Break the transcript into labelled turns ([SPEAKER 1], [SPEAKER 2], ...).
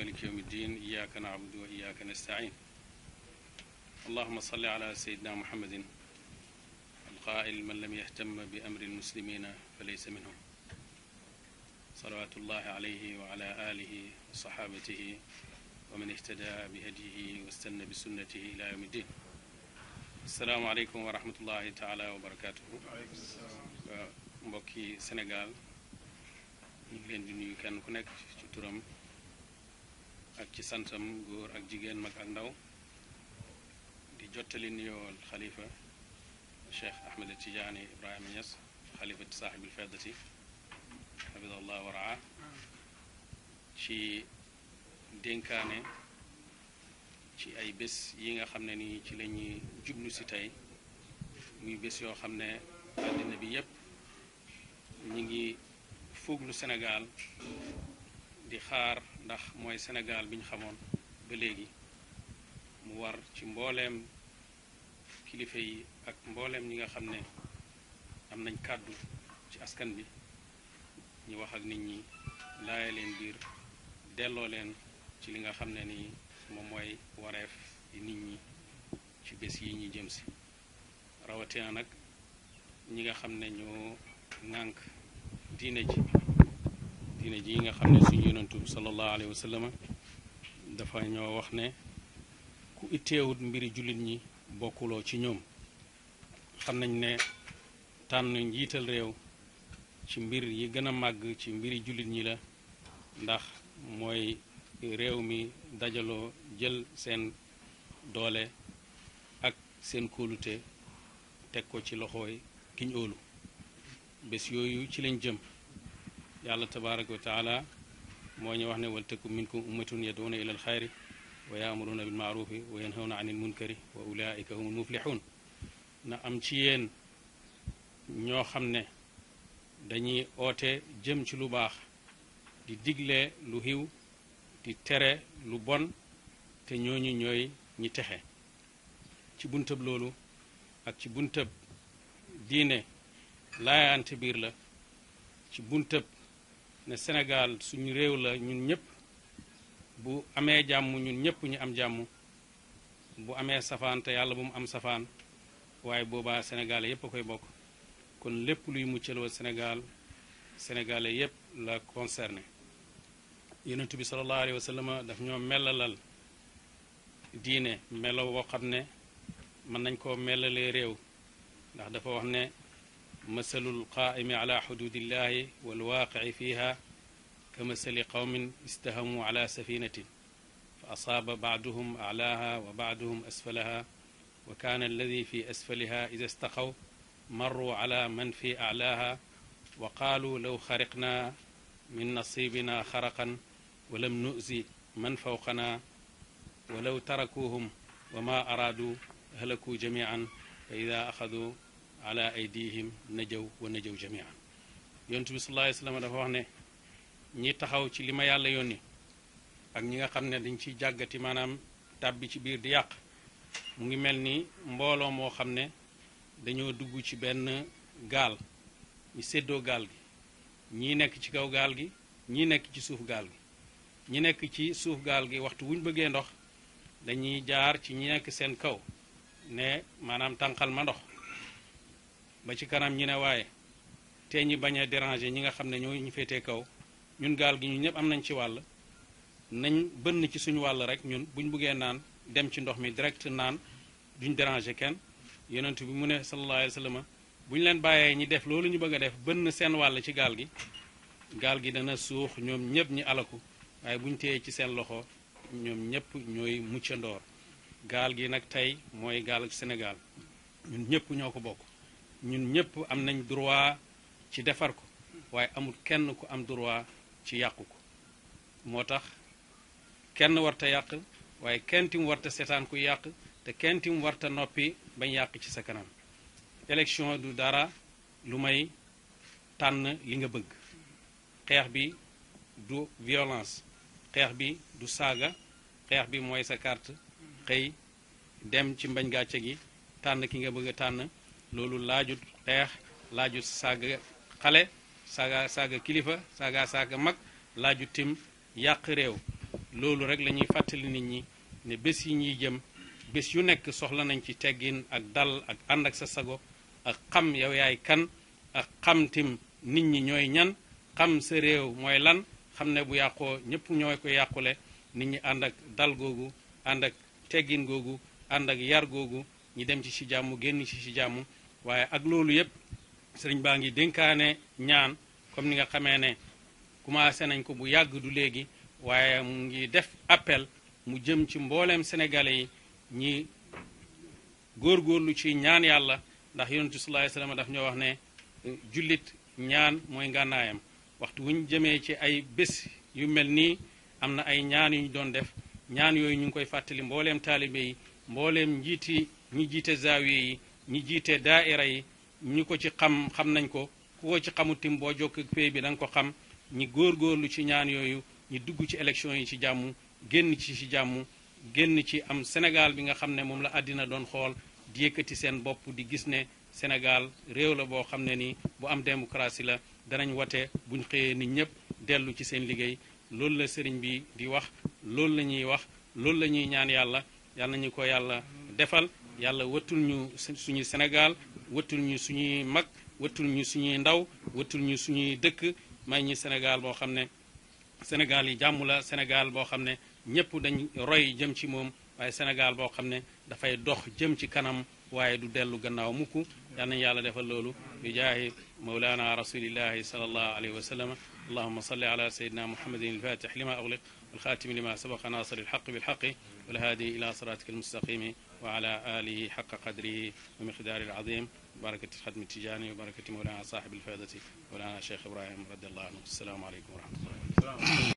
[SPEAKER 1] ملك يوم الدين إياك نعبد وإياك نستعين اللهم صل على سيدنا محمد القائل من لم يهتم بأمر المسلمين فليس منهم صلوات الله عليه وعلى آله وصحابته ومن اهتدى بهديه واستنى بسنته إلى يوم الدين السلام عليكم ورحمة الله تعالى وبركاته mbokki Sénégal ñu ngi leen di nuyu kenn ak ci santam góor ak jigen mak ak ndaw di jotali nuyo khalifa cheikh ahmed khalifa sahib al fadati saaxibil allah wa raa ci denkané ci ay bés yi nga xamné ni ci lañuy jublu si tey muy bés yo xamné adina bi yépp ñi ngi fuuglu Sénégal di xaar ndax mooy Sénégal bi ñu xamoon ba léegi mu war ci mbooleem kilifa yi ak mbooleem ñi nga xam ne am nañ kàddu ci askan bi ñu wax ak nit ñi laaya leen biir delloo leen ci li nga xam ne ni moom mooy wareef yi nit ñi ci bés yi ñu jëm si rawatina nag ñi nga xam ne ñoo ŋànk diine ji diine ji nga xam ne suñu yonantu bi sallallahu alayhi wa dafa ñoo wax ne ku itteewut mbiri jullit ñi bokkuloo ci ñoom xam nañ ne tànn njiital réew ci mbir yi gën a màgg ci mbiri jullit ñi la ndax mooy réew mi dajaloo jël seen doole ak seen kóolute teg ko ci loxooy kiñ óolu bés yooyu ci lañ jëm yàlla tabaraka wa taala moo ñu wax ne wal takum minkum ummatun yaduuna ila alxayri wa yaamuruuna bil maarufi wa yanhawna anil munkari wa ulaika humul muflixuun na am ci yéen ñoo xam ne dañuy oote jëm ci lu baax di digle lu xiw di tere lu bon te ñooñu ñooy ñi texe ci buntab loolu ak ci buntab diine laayante biir la ci buntab ne senegaal suñu réew la ñun ñëpp bu amee jàmm ñun ñëpp ñu am jàmm bu amee safaan te yàlla bu mu am safaan waaye boobaa Sénégalais yëpp a koy bokk kon lépp luy muccaloo senegaal Sénégalais yëpp la concerné yonent bi sallallahu alayhi wa daf ñoo melalal diine melo woo xam ne mën nañ koo melalee réew ndax dafa wax ne مثل القائم على حدود الله والواقع فيها كمثل قوم استهموا على سفينة فأصاب بعضهم أعلاها وبعضهم أسفلها وكان الذي في أسفلها إذا استقوا مروا على من في أعلاها وقالوا لو خرقنا من نصيبنا خرقا ولم نؤذي من فوقنا ولو تركوهم وما أرادوا هلكوا جميعا فإذا أخذوا ala aydihim najaw wa najaw jamian yontu bi sallallahu alayhi la dafa wax ne ñi taxaw ci li ma yàlla yónni ak ñi nga xam ne dañ ciy jàggati maanaam tàbbi ci biir di yàq mu ngi mel ni mbooloo moo xam ne dañoo dugg ci benn gaal ñu séddoo gaal gi ñi nekk ci kaw gaal gi ñi nekk ci suuf gaal gi ñi nekk ci suuf gaal gi waxtu wuñ bëggee ndox dañuy jaar ci ñi nekk seen kaw ne maanaam tànqal ma ndox ba ci kanam ñu ne waaye te ñi bañ a déranger ñi nga xam ne ñoo ñu féetee kaw ñun gaal gi ñu ñëpp am nañ ci wàll nañ bënn ci suñu wàll rek ñun bu ñu buggee naan dem ci ndox mi direct naan duñ déranger kenn yonent bi mu ne sallallahu alayhi wa sallam bu ñu leen bàyyee ñi def loolu ñu bëgg a def bënn seen wàll ci gaal gi gaal gi dana suux ñoom ñëpp ñi alaku waaye bu ñu téyee ci seen loxo ñoom ñëpp ñooy ndoor gaal gi nag tey mooy gaal ak Sénégal ñun ñëpp ñoo ko bokk ñun ñëpp am nañ droit ci defar ko waaye amul kenn ku am droit ci yàqu ko moo tax kenn warta yàq waaye kenn tim warta seetaan ku yàq te kenn tim warta noppi bañ yàq ci sa kanam élection du dara lu may tànn li nga bëgg xeex bi du violence xeex bi du saaga xeex bi mooy sa carte xëy dem ci mbañ gàcce gi tànn ki nga bëgg a tànn loolu laajut xeex laajut saaga xale saaga saaga kilifa saaga saaga mag laaju tim yàq réew loolu rek lañuy fàttali nit ñi ne bés yi ñuy jëm bés yu nekk soxla nañ ci teggin ak dal ak ànd ak sa sago ak xam yow yaay kan ak xam tim nit ñi ñooy ñan xam sa réew mooy lan xam ne bu yàqoo ñëpp ñooy ko yàqule nit ñi ànd ak dal googu ànd ak teggin googu ànd ak yar googu ñi dem ci ci jàmm génn ci ci jàmm waaye ak loolu yëpp sëriñ baa ngi dénkaane ñaan comme ni nga xamee ne commencé nañ ko bu yàgg du léegi waaye mu ngi def appel mu jëm ci mbooleem sénégalais yi ñi góorgóorlu ci ñaan yàlla ndax yonentu sallallahu alayhi wasallam ñoo wax ne euh, jullit ñaan mooy ngànnaayam waxtu wu jëmee ci ay bés yu mel nii am na ay ñaan yu doon def ñaan yooyu ñu ngi koy fàttali mbooleem taalibe yi mbooleem njiiti ñi jiite zaawiye yi ñi jiite daaira yi ñu ko ci xam xam nañ ko ku ko ci xamul tim boo jokk pay bi da nga ko xam ñi góorgóorlu ci ñaan yooyu ñi dugg ci élection yi ci jàmm génn ci ci jàmm génn ci am Sénégal bi nga xam ne moom la àddina doon xool di yëkkati seen bopp di gis ne Sénégal réew la boo xam ne ni bu am démocratie la danañ wate buñ xëyee nit ñëpp dellu ci seen liggéey loolu la sëriñ bi di wax loolu la wax loolu la ñuy ñaan yàlla yàlla nañu ko yàlla defal yàlla wattul ñu suñu Sénégal wattul ñu suñu mag wattul ñu suñu ndaw wattul ñu suñu dëkk may ñi Sénégal boo xam ne Sénégal yi jàmm la Sénégal boo xam ne ñëpp dañ roy jëm ci moom waaye Sénégal boo xam ne dafay dox jëm ci kanam waaye du dellu gannaaw mukk yal nañu yàlla defal loolu bi jaahi mawlana rasulillahi sallallahu alayhi wa sallam allahuma salli ala sayidina muhammadin alfatih lima ugliq والخاتم لما سبق ناصر الحق بالحق والهادي إلى صراطك المستقيم وعلى آله حق قدره ومقداره العظيم بركة الخدم تجاني وبركة مولانا صاحب الفائدة مولانا شيخ إبراهيم رضي الله عنه السلام عليكم ورحمة الله